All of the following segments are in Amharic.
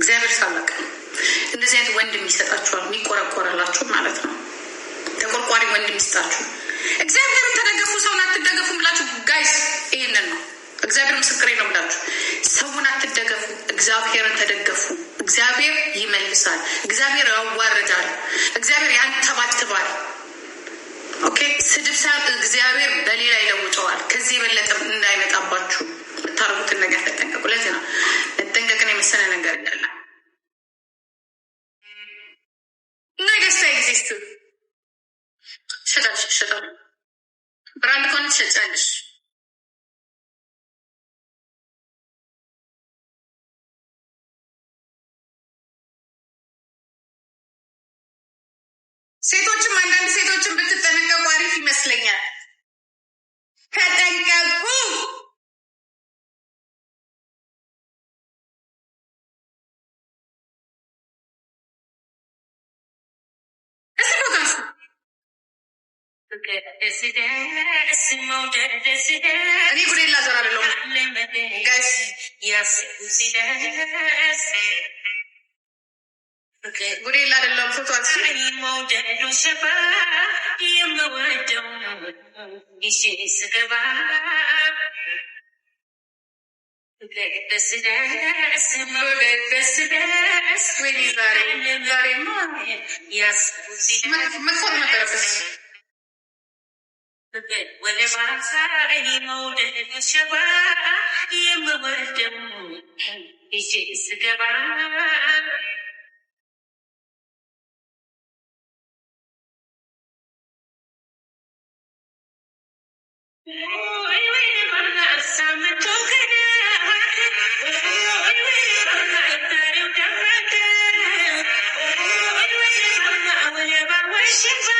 እግዚአብሔር ሳላቀ እንደዚህ አይነት ወንድም ይሰጣችኋል፣ የሚቆረቆረላችሁ ማለት ነው። ተቆርቋሪ ወንድም ይስጣችሁ። እግዚአብሔርን ተደገፉ፣ ሰውን አትደገፉ ብላችሁ ጋይስ፣ ይህንን ነው እግዚአብሔር ምስክሬ ነው ብላችሁ ሰውን አትደገፉ፣ እግዚአብሔርን ተደገፉ። እግዚአብሔር ይመልሳል። እግዚአብሔር ያዋርዳል። እግዚአብሔር ያንተባትባል። ኦኬ ስድብ ሳይሆን እግዚአብሔር በሌላ ይለውጠዋል። ከዚህ የበለጠ እንዳይመጣባችሁ የምታደርጉትን ነገር ተጠንቀቁ። ለዚህ ነው የመሰለ ነገር የለም። ነገስታ ኤግዚስት ሽጣሽ ሽጣ ብራንድ ከሆነ ትሸጫለሽ። ሴቶችም አንዳንድ ሴቶችን ብትጠነቀቁ አሪፍ ይመስለኛል። ተጠንቀቁ። እኔ ጉዴ ላዘር አደለሁ ጉዴ ላደለሁም ፎቷት መጥፎት ነበረበት የምወደው ይዤ ስገባ Shiva!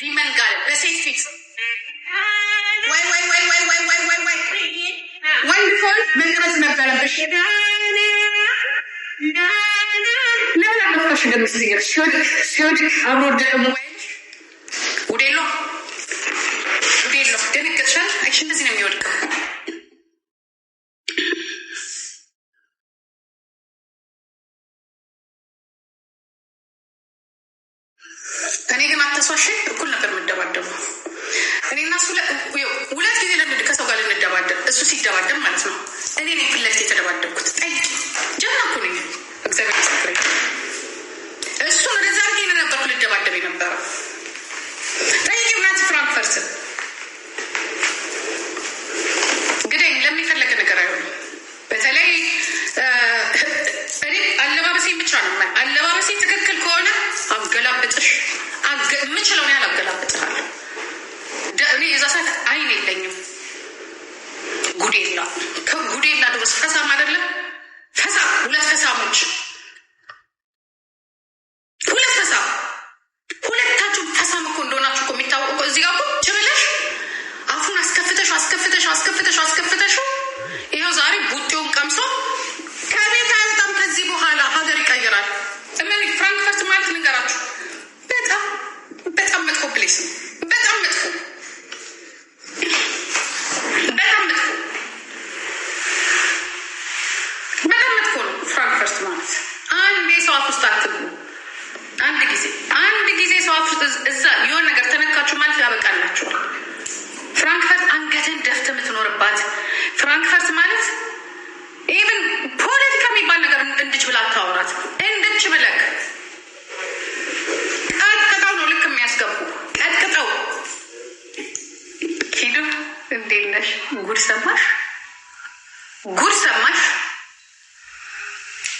ቪመን ጋር በሴት ፊት ወይ ወይ ወይ ወይ ወይ ወይ ወይ ወይ ወንድ ሆን መቅረት ነበረብሽ። ለምን አለፋሽ እንደምስ ሲወድቅ ሲወድቅ አብሮ ደግሞ ውዴሎ ውዴሎ ደነገጥሻል። አይሽ እንደዚህ ነው የሚወድቀው አላቸው። ፍራንክፈርት አንገትን ደፍት የምትኖርባት ፍራንክፈርት ማለት ኢቨን ፖለቲካ የሚባል ነገር እንድች ብላ አታወራት። እንድች ብለክ ቀጥቅጠው ነው ልክ የሚያስገቡ ቀጥቅጠው ኪዱ እንዴት ነሽ? ጉድ ሰማሽ? ጉድ ሰማሽ?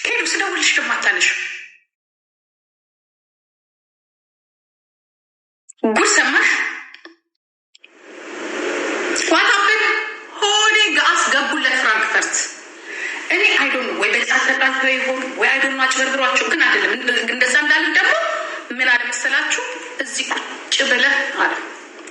ሄዱ ስደውልሽ ደግሞ ጉድ ሰማሽ?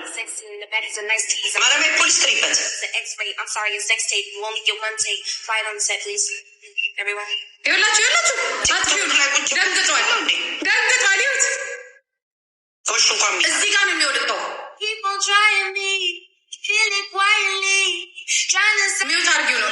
time. the back is a nice tape. Zamara made police treatment. The X-ray, I'm sorry, it's sex tape. You only get one tape. Fly it on set, please. Everyone. ይኸውላችሁ ይኸውላችሁ አትዩን not ደንግጧል ይሁት ሰዎች እንኳን እዚህ ጋር ነው የሚወድቀው ሚውት አድርጊው ነው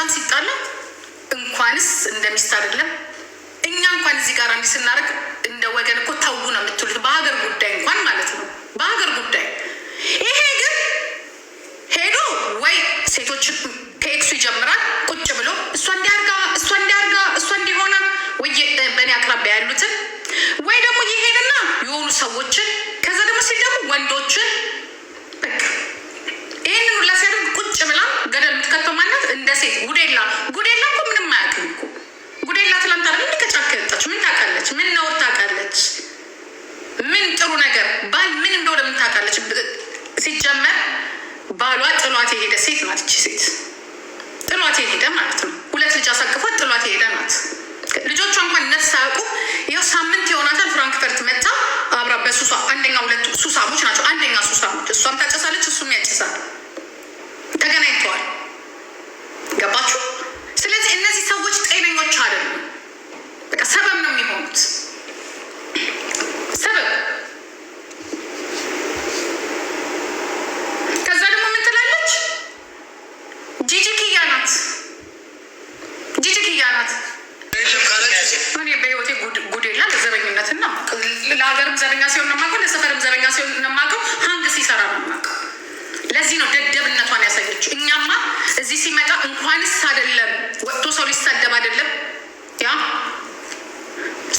ከዛም ሲጣላ እንኳንስ እንደሚስት አይደለም እኛ እንኳን እዚህ ጋር እንዲህ ስናደርግ እንደ ወገን እኮ ተው ነው የምትሉት። በሀገር ጉዳይ እንኳን ማለት ነው በሀገር ጉዳይ። ይሄ ግን ሄዶ ወይ ሴቶች ከኤክሱ ይጀምራል ቁጭ ብሎ እሷ እንዲያርጋ እሷ እንዲያርጋ እሷ እንዲሆና ወይ በእኔ አቅራቢያ ያሉትን ወይ ደግሞ ይሄንና የሆኑ ሰዎችን ከዛ ደግሞ ሲል ደግሞ ወንዶችን እንደ ሴት ጉዴላ ጉዴላ እኮ ምንም አያውቅም እኮ ጉዴላ ትላንት አለ ምን ከጫካ የወጣች ምን ታውቃለች? ምን ነውር ታውቃለች? ምን ጥሩ ነገር ባል ምን እንደሆነ ምን ታውቃለች? ሲጀመር ባሏ ጥሏት የሄደ ሴት ናት። ይቺ ሴት ጥሏት የሄደ ማለት ነው። ሁለት ልጅ አሳቅፏት ጥሏት የሄደ ናት። ልጆቿ እንኳን ነፍስ አያውቁ። ይኸው ሳምንት የሆናታል ፍራንክፈርት መታ አብራ በሱሳ አንደኛ ሁለቱ ሱሳሞች ናቸው። አንደኛ ሱሳሞች እሷም ታጨሳለች፣ እሱም ያጨሳል። ተገናኝተዋል። ገባችሁ? ስለዚህ እነዚህ ሰዎች ጤነኞች አይደሉም። በቃ ሰበብ ነው የሚሆኑት። ሰበብ ከዛ ደግሞ ምን ትላለች? ጂጂ ናት፣ ጂጂ ኪያ ናት። እኔ በህይወቴ ጉድ የለም ለሀገርም ዘበኛ ሲሆን ነው የማውቀው፣ ለሰፈርም ዘበኛ ሲሆን ነው የማውቀው፣ ሀንግ ሲሰራ ነው የማውቀው። ለዚህ ነው ደደብነቷ ያሳየችው። እኛማ እዚህ ሲመጣ እንኳንስ አይደለም ወጥቶ ሰው ሊሳደብ አይደለም ያ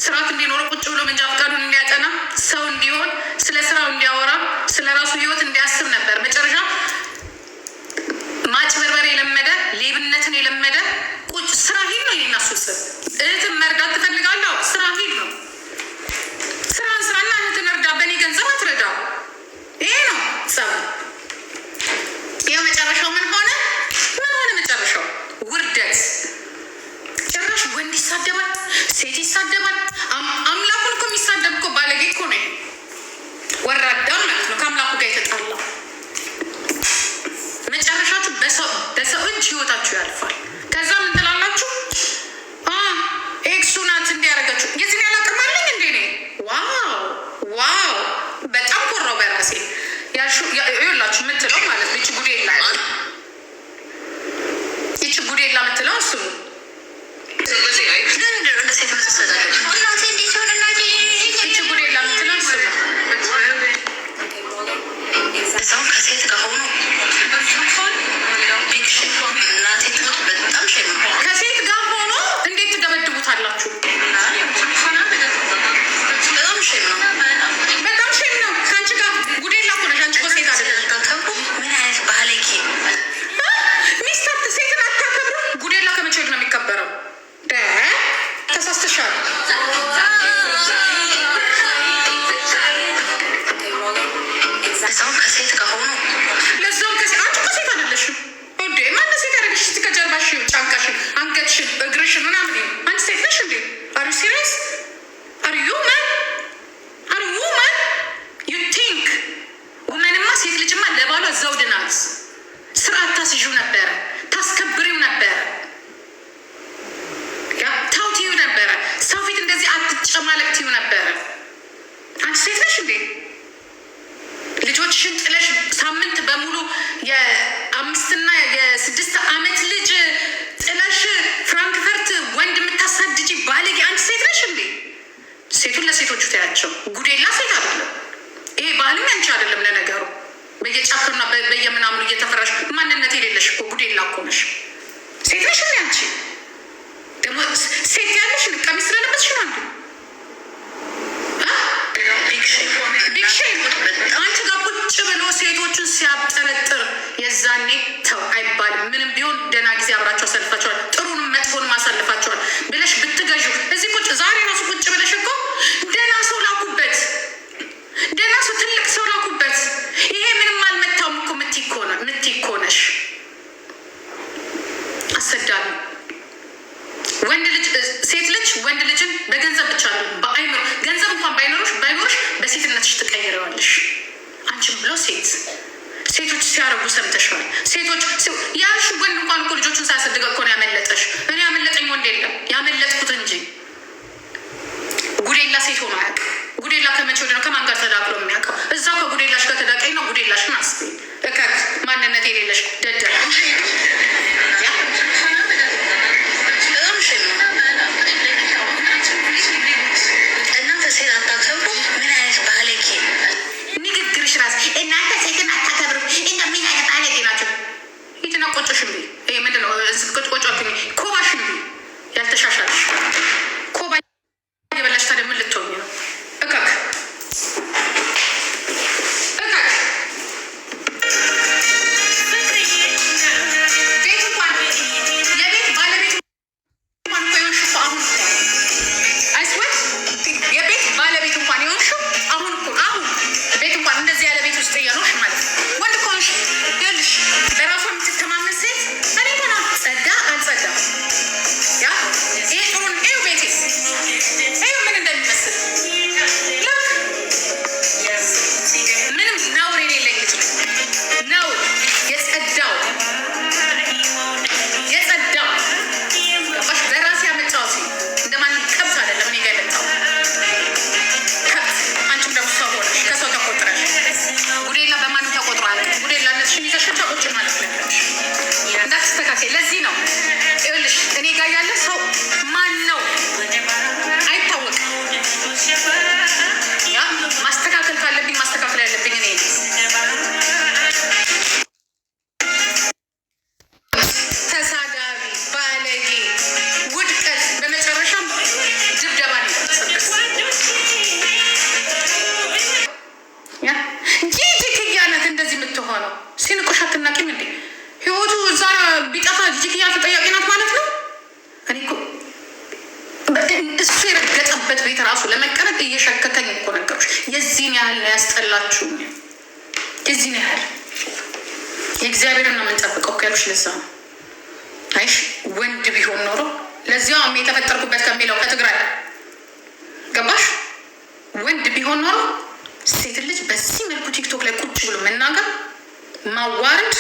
ስርዓት እንዲኖረው ቁጭ ብሎ መንጃ ፈቃዱን እንዲያጠና ሰው እንዲሆን ስለ ስራው እንዲያወራ ስለ ራሱ ህይወት እንዲያስብ ነበር። መጨረሻ ማጭበርበር የለመደ ሌብነትን የለመደ ቁጭ ስራ ሂድ ነው የናሱ እህትም 去他去！የአምስትና የስድስት ዓመት ልጅ ጥለሽ ፍራንክፈርት ወንድ የምታሳድጂ ባለጌ አንድ ሴት ነሽ እንዴ? ሴቱን ለሴቶቹ ተያቸው። ጉዴላ ሴት አይደለም ይሄ ባህልም ያንቺ አይደለም። ለነገሩ በየጫፈርና በየምናምኑ እየተፈራሽ ማንነት የሌለሽ እኮ ጉዴላ እኮ ነሽ። ሴት ነሽ እንዴ አንቺ ደግሞ ሴት ያለሽ ቀሚስ ቤቶችን ሲያጠረጥር የዛኔ ተው አይባልም። ምንም ቢሆን ደና ጊዜ አብራቸው አሳልፋቸዋል፣ ጥሩንም መጥፎንም አሳልፋቸዋል ብለሽ ብትገዥ እዚህ ቁጭ ዛሬ ራሱ ቁጭ ብለሽ እኮ ሴቶች ሲያደርጉ ሰምተሻል። ሴቶች ያሹ ወንድ እንኳን እኮ ልጆቹን ሳያሳድግ እኮ ነው ያመለጠሽ። እኔ ያመለጠኝ ወንድ የለም ያመለጥኩት እንጂ ጉዴላ ሴት ሆኖ አያውቅም። ጉዴላ ከመቼ ወደ ነው ከማን ጋር ተዳቅሎ የሚያውቀው? እዛው ከጉዴላሽ ከተዳቀኝ ነው ጉዴላሽን አስቢ እከት ማንነት የሌለሽ ደደር ቁጭ ሽምቢ ምንድነው? ቁጭ ሽምቢ ኩባ ሽምቢ ያልተሻሻልሽ ሰርተሽ አትናቂም እንዴ? ህይወቱ እዛ ቢጠፋ ጅጅክያ ተጠያቂ ናት ማለት ነው። እኔ እሱ የረገጠበት ቤት ራሱ ለመቀመጥ እየሸከተኝ እኮ ነገሮች የዚህን ያህል ነው ያስጠላችሁ። የዚህን ያህል የእግዚአብሔርን ነው የምንጠብቀው እኮ ያሉሽ። ለዛ ነው አይሽ ወንድ ቢሆን ኖሮ ለዚያውም የተፈጠርኩበት ከሚለው ከትግራይ ገባሽ ወንድ ቢሆን ኖሮ ሴት ልጅ በዚህ መልኩ ቲክቶክ ላይ ቁጭ ብሎ መናገር ማዋረድ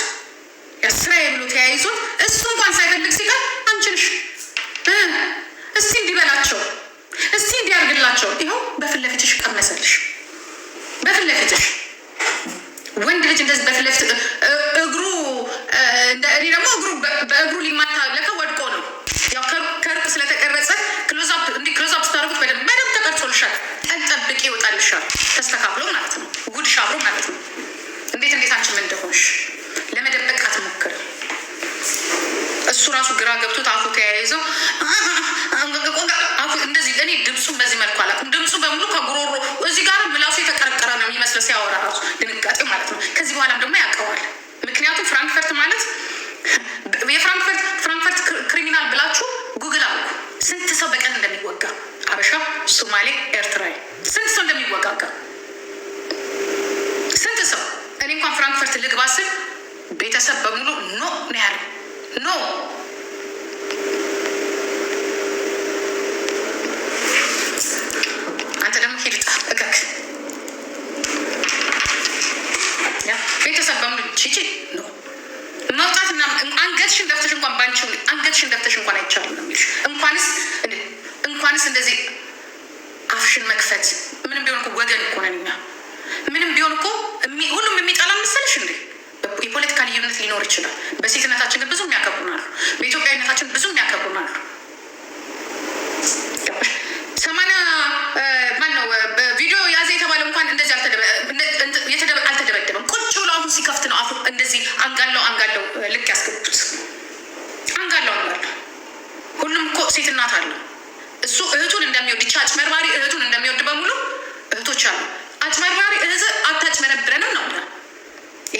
ስራዬ ብሎ ተያይዞ እሱ እንኳን ሳይፈልግ ሲቀር አንችንሽ እስቲ እንዲበላቸው እስቲ እንዲያርግላቸው ይኸው በፊት ለፊትሽ ቀመሰልሽ። በፊት ለፊትሽ ወንድ ልጅ እንደዚህ በፊት ለፊት ቤተሰብ በሙሉ ኖ ነው ያለው። ኖ አንተ ደግሞ ሂድጣ እገክ ቤተሰብ በሙሉ ቺቺ ኖ መውጣትና አንገትሽን ደፍተሽ እንኳን ባንቺ አንገትሽን ደፍተሽ እንኳን አይቻልም ነው የሚልሽ። እንኳንስ እንኳንስ እንደዚህ አፍሽን መክፈት ምንም ቢሆን እኮ ወገን እኮ ነን እኛ። ምንም ቢሆን እኮ ሁሉም የሚጠላ መሰለሽ እንዴ? አይነት ሊኖር ይችላል። በሴትነታችን ግን ብዙ የሚያከብሩን በኢትዮጵያዊነታችን ብዙ የሚያከብሩን አሉ። ማን ነው በቪዲዮ ያዘ የተባለ እንኳን እንደዚህ አልተደበደበም። ቁጭ ብሎ አፉን ሲከፍት ነው አፉ እንደዚህ አንጋለው አንጋለው ልክ ያስገቡት አንጋለው አንጋለው። ሁሉም እኮ ሴትናት አለው። እሱ እህቱን እንደሚወድ ቻጭ መርባ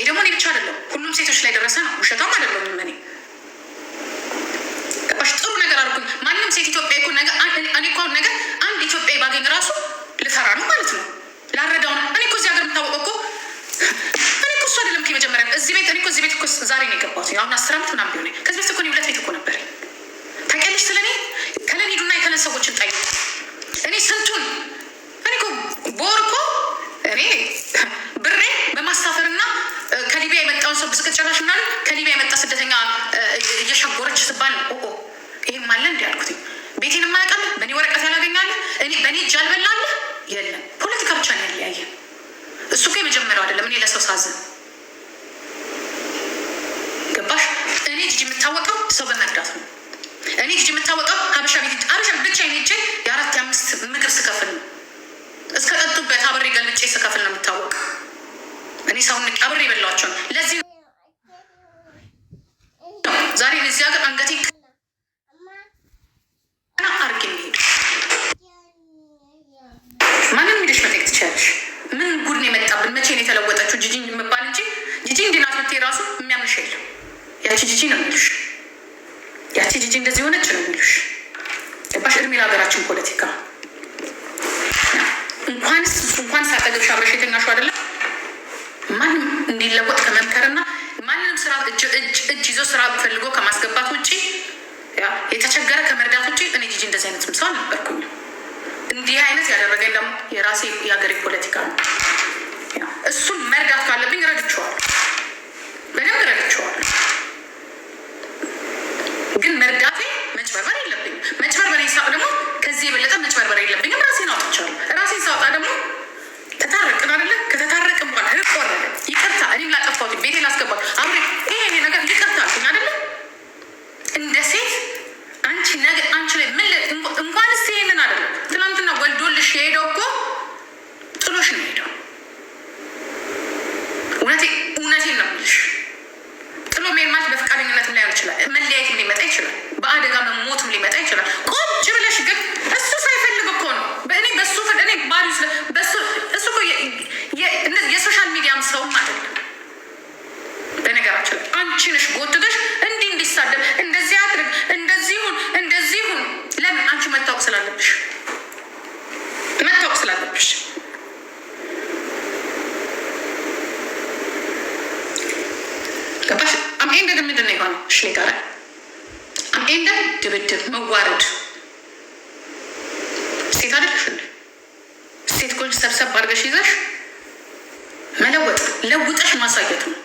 ደግሞ እኔ ብቻ አይደለም ሁሉም ሴቶች ላይ ደረሰ ነው። ውሸቷም አይደለም እኔ ጥሩ ነገር አልኩኝ። ማንም ሴት ኢትዮጵያ እኮ ነገ እኔ እኮ ነገር አንድ ኢትዮጵያ ባገኝ ራሱ ልፈራ ነው ማለት ነው። ላረዳው ነው። እኔ እኮ እዚህ ሀገር የምታወቀው እኮ እኔ እኮ እሱ አይደለም መጀመሪያ እዚህ ቤት እኔ እኮ እዚህ ቤት እኮ ዛሬ ነው የገባሁት። አሁን አስር ዓመት ምናምን ቢሆን ከዚህ ቤት እኮ እኔ ሁለት ቤት እኮ ነበር ታውቂያለሽ። ስለኔ ከለን ሂዱና የከለን ሰዎችን ጠይቁ። እኔ ስንቱን እኔ እኮ በወር እኮ እኔ ብሬ ማሳፈር እና ከሊቢያ የመጣውን ሰው ብስቅ ጭራሽ ምናል ከሊቢያ የመጣ ስደተኛ እየሸጎረች ስባል ኦ ይህም አለ እንዲ ያልኩት ቤቴን ማያውቃል። በእኔ ወረቀት ያላገኛለ እኔ በእኔ እጅ አልበላለ የለም። ፖለቲካ ብቻ ነው ያለያየ። እሱ እኮ የመጀመሪያው አይደለም። እኔ ለሰው ሳዝን ገባሽ። እኔ ጅጅ የምታወቀው ሰው በመርዳት ነው። እኔ ጅጅ የምታወቀው ሀበሻ ቤት ሀበሻ ብቻ ሄጄ የአራት የአምስት ምግብ ስከፍል ነው። እስከ ጠጡበት አብሬ ገልጬ ስከፍል ነው የምታወቀው። እኔ ሰውን የበላቸው የበላኋቸው ለዚህ ዛሬ እዚህ ሀገር አንገቴ አርግ ማንም ሄደሽ ምን ጉድ የመጣብን? መቼ የተለወጠችው ጂጂ የምባል እንጂ ጂጂ እንዲህ ናት ብትይ ራሱ ለሀገራችን ፖለቲካ እንኳንስ እንኳንስ አጠገብሽ አብረሽ የተኛሽው አይደለም ማን እንዲለወጥ ከመምከርና ማንንም ስራ እጅ ይዞ ስራ ፈልጎ ከማስገባት ውጭ የተቸገረ ከመርዳት ውጭ እኔ ጂጂ እንደዚህ አይነት ምሰው አልነበርኩኝ። እንዲህ አይነት ያደረገኝ ደግሞ የራሴ የሀገሬ ፖለቲካ ነው። እሱን መርዳት ካለብኝ ረድቼዋለሁ፣ በደንብ ረድቼዋለሁ። ግን መርዳቴ መጭበርበር የለብኝም። መጭበርበር ሳ ደግሞ ከዚህ የበለጠ መጭበርበር የለብኝም። ራሴን አውጥቻለሁ። ራሴን ሳውጣ ደግሞ ተታረቅን አይደለ? ከተታረቅን በኋላ ርቅ ወረደ። ይቅርታ እኔም ላጠፋሁት ቤቴ ላስገባት አብሬ ገባሽ? አምኤንደድ ምንድን ነው የሆነው? እሺ ጋር አምኤንደድ ድብድብ፣ መዋረድ ሴት አደለሽ ሴት ጎጅ ሰብሰብ አድርገሽ ይዘሽ መለወጥ ለውጠሽ ማሳየት ነው።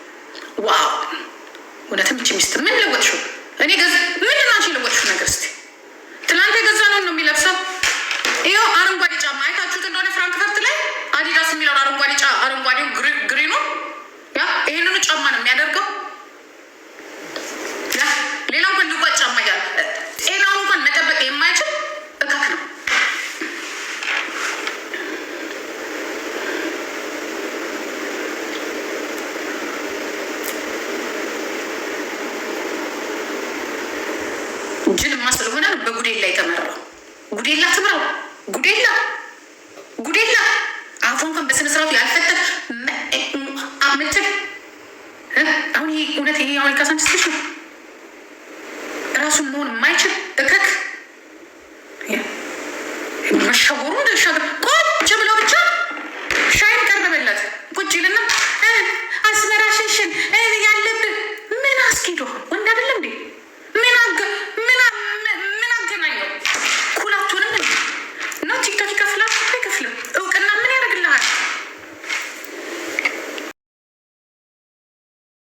ዋው እውነትም እች ሚስት ምን ለወጥሽው? እኔ ገ ምንድን ነው አንቺ የለወጥሽው ነገር? እስኪ ትናንት የገዛ ነው ነው የሚለብሰው ይኸው አረንጓዴ ጅልማ ስለሆነ በጉዴላ የተመራው ጉዴላ ትምራው ጉዴላ ጉዴላ አፉን ከን በስነ ስርዓቱ ያልፈተት ምትል አሁን እውነት ይሄ አሁን ካሳንስሽ ራሱን መሆን የማይችል